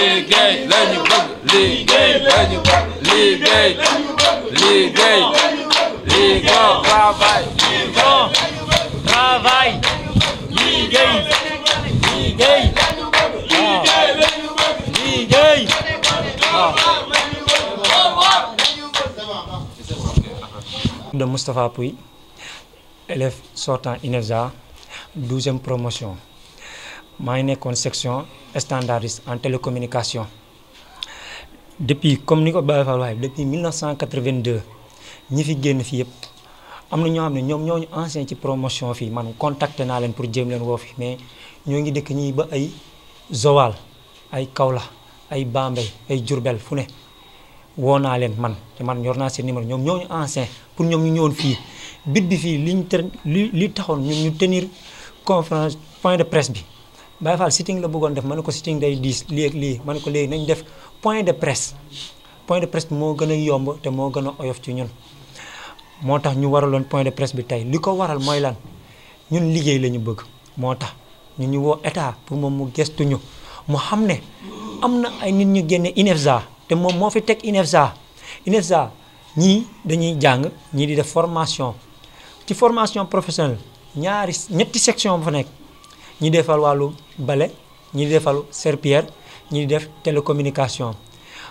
liggéey la ñu bëgg liggéey la ñu bëgg liggéey liggéey liggéey travail travail liggéey liggéey liggéey ah. de Moustapha Pouy élève sortant INEFJA douzième promotion maa ngi nekkoon section standardiste en télécommunication depuis comme ni ko Baye Fall waxee depuis 1982 ñi fi génn fii yëpp am na ñoo xam ne ñoom ñooñu ancien ci promotion fii man contacté naa leen pour jéem leen woo fi mais ñoo ngi dëkk ñii ba ay Joal ay Kaolack ay Bambey ay Diourbel fu ne woo naa leen man man yor naa seen numéro ñoom ñooñu ancien pour ñoom ñu ñëwoon fii bit bi fii liñ te li li taxoon ñun ñu tenir conférence point de presse bi Baye Fall sitting la bëggoon def ma ne ko sitting day diis lii ak lii man ne ko léegi nañ def point de presse point de presse moo gën a yomb te moo gën a oyof ci ñun. moo tax ñu waraloon point de presse bi tey li ko waral mooy lan ñun liggéey lañu bëgg moo tax ñu ñu woo état pour moom mu gestu ñu mu xam ne am na ay nit ñu génne INEFJA te moom moo fi teg INEFJA INEFJA ñii dañuy jàng ñii di def formation ci formation professionnelle ñaari ñetti section bu fa nekk. ñi defal wàllu bale ñi defal serpillère ñi def télécommunication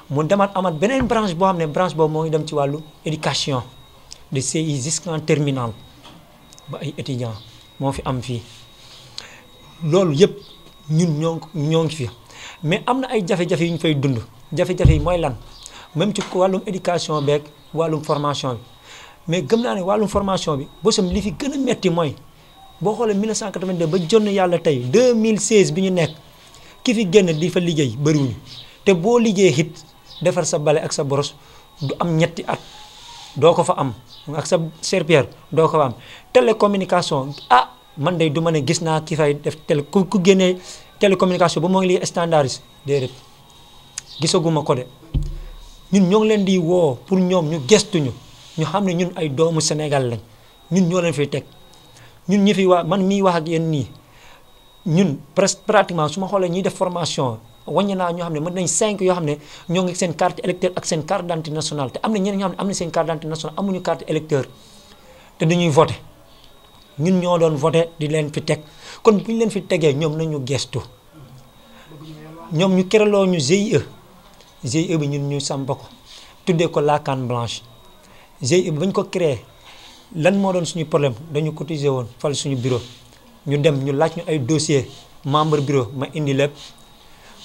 mu demaat amat beneen branche boo xam ne branche boobu moo ngi dem ci wàllu éducation de CI jusqu'en terminale ba ay étudiants moo fi am fii loolu yëpp ñun ñoo ñoo ngi fi mais am na ay jafe-jafe yu ñu fay dund jafe-jafe yi mooy lan même ci wàllum éducation beeg wàllum formation bi mais gëm naa ne wàllum formation bi bosam li fi gën a metti mooy boo xoolee de ba jonn yàlla tey 2016 bi ñu nekk ki fi génn di fa liggéey bëriwuñu te boo liggéey it defar sa bale ak sa boros du am ñetti at doo ko fa am ak sa serpillère doo ko fa am télécommunication ah man day du ma ne gis naa ki fay def télé ku ku génnee télécommunication ba moo ngi liggéey standardiste déedéet gisaguma ko de ñun ñoo leen di woo pour ñoom ñu gestuñu ñu xam ne ñun ay doomu Sénégal lañ ñun ñoo leen fiy teg ñun ñi fi waa man mii wax ak yéen nii ñun presque pratiquement su ma xoolee ñuy def formation wàññi naa ñoo xam ne mën nañ cinq yoo xam ne ñoo ngi seen carte électeur ak seen carte d'identité nationale te am na ñeneen ñoo xam ne am na seen carte d'identité nationale amuñu carte électeur te dañuy voté ñun ñoo doon voté di leen fi teg kon bu ñu leen fi tegee ñoom nañu gestu ñoom ñu keraloo ñu GIE GIE bi ñun ñu sàmba ko tuddee ko la canne blanche GIE bi bañ ko créé lan moo doon suñu problème dañu cotiser woon fal suñu bureau ñu dem ñu laaj ñu ay dossier membre bureau ma indi lépp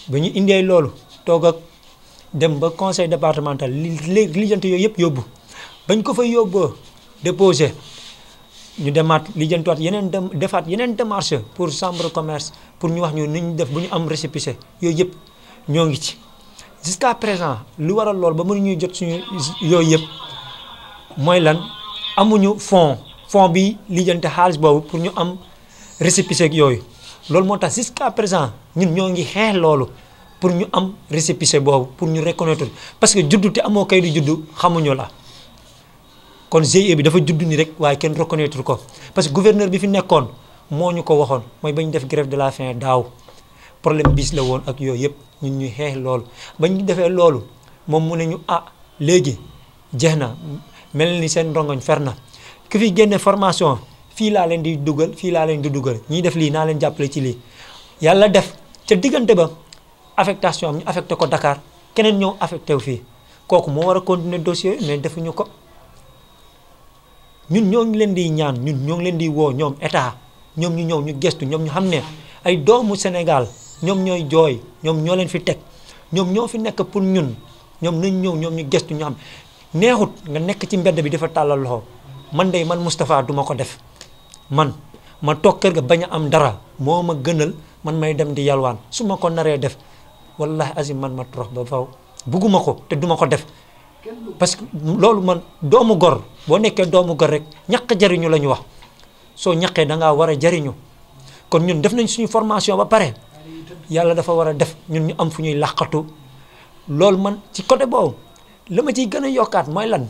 ba ñu indee loolu toog ak dem ba conseil départemental li lijjanti yooyu yëpp yóbbu bañ ko fa yóbboo déposé ñu demaat lijjantiwaat yeneen dem defaat yeneen démarche pour chambre commerce pour ñu wax ñu ni ñu def bu ñu am récépissé yooyu yëpp ñoo ngi ci jusqu'à présent lu waral lool ba mënu ñuy jot suñu yooyu yëpp mooy lan amuñu fond fond bi lijjante xaalis boobu pour ñu am récépissé ak yooyu loolu moo tax jusqu'à présent ñun ñoo ngi xeex loolu pour ñu am récépissé boobu pour ñu reconnaître parce que juddu te amoo kay di juddu xamuñu la kon GIE bi dafa juddu ni rek waaye kenn reconnaître ko parce que gouverneur bi fi nekkoon moo ñu ko waxoon mooy ba ñu def grève de la faim daaw problème biis la woon ak yooyu yëpp ñun ñuy xeex loolu ba ñu defee loolu moom mu ne ñu ah léegi jeex na mel ni seen rongoñ fer na ki fi génne formation fii laa leen di dugal fii laa leen di dugal ñiy def lii naa leen jàppale ci lii yàlla def ca diggante ba affectation am ñu affecté ko Dakar keneen ñëw affecté wu fii kooku moo war a continuer dossier mais defuñu ko ñun ñoo ngi leen di ñaan ñun ñoo leen di woo ñoom état ñoom ñu ñëw ñu gestu ñoom ñu xam ne ay doomu Sénégal ñoom ñooy jooy ñoom ñoo leen fi teg ñoom ñoo fi nekk pour ñun ñoom nañ ñëw ñoom ñu gestu ñu neexut nga nekk ci mbedd bi dafa tàllal loxo man day man Moustapha duma ko def man ma toog kër ga bañ a am dara moo ma gënal man may dem di yalwaan su ma ko naree def wallahi azim man ma torox ba faw bugguma ko te duma ko def parce que loolu man doomu gor boo nekkee doomu gor rek ñaq jariñu la ñu wax soo ñaqee da ngaa war a jariñu kon ñun def nañ suñu formation ba pare yàlla dafa war a def ñun ñu am fu ñuy làqatu loolu man ci côté boobu la ma ciy gën a yokkaat mooy lan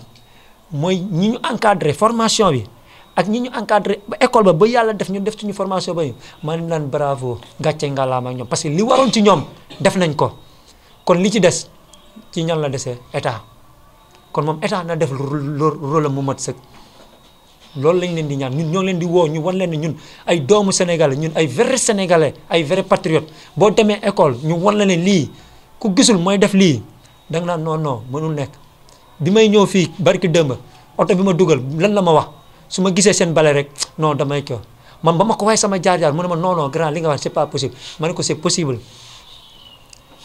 mooy ñi ñu encadré formation bi ak ñi ñu encadre ba école ba ba yàlla def ñu def suñu formation ba ñu man lan bravo gàcce ngalaama ak ñoom parce que li waroon ci ñoom def nañ ko kon li ci des ci ñan la desee état kon moom état na def rôle mu mat sëkk loolu lañ leen di ñaan ñun ñoo leen di woo ñu wan leen ne ñun ay doomu sénégalais ñun ay vrai sénégalais ay vrai patriote boo demee école ñu wan la ne lii ku gisul mooy def lii da nga naan non non mënul nekk bi may ñëw fii barki dëmb oto bi ma dugal lan la ma wax su ma gisee seen bale rek noonu damay ko man ba ma ko waaye sama jaar-jaar mu ne ma non non li nga wax c'est pas ma ne ko c'est possible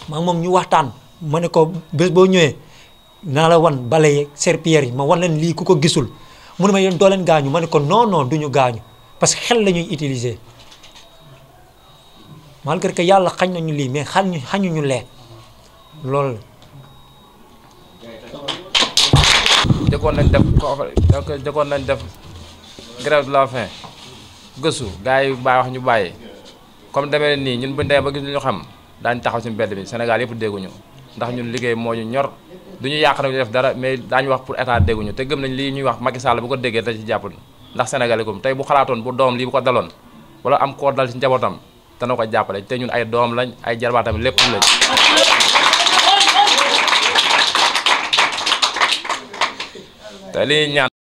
ma moom ñu waxtaan ma ne ko bés boo ñëwee naa la wan bale yeeg serpillère yi ma wan leen lii ku ko gisul mu ma yéen doo leen gaañu ma ne ko non non duñu gaañu parce que xel la ñuy utiliser malgré yàlla xañ nañu lii mais xañ ñu xañuñu lee loolu jëkkoon nañ def conférence jëkkoon nañ def grève de la faim gëstu gars yi bàyyi wax ñu bàyyi comme demee nii ñun buñ demee ba gis ñu xam daañ taxaw ci mbedd mi Sénégal yëpp dégguñu ndax ñun liggéey moo ñu ñor duñu yàq nag ñu def dara mais daañu wax pour état dégguñu te gëm nañ lii ñuy wax Macky Sall bu ko déggee da ci jàpp ndax Sénégal yi tey bu xalaatoon bu doom lii bu ko daloon wala am koo dal ci njabootam dana ko jàppale te ñun ay doom lañ ay jarbaatam lépp lañ te li ñaan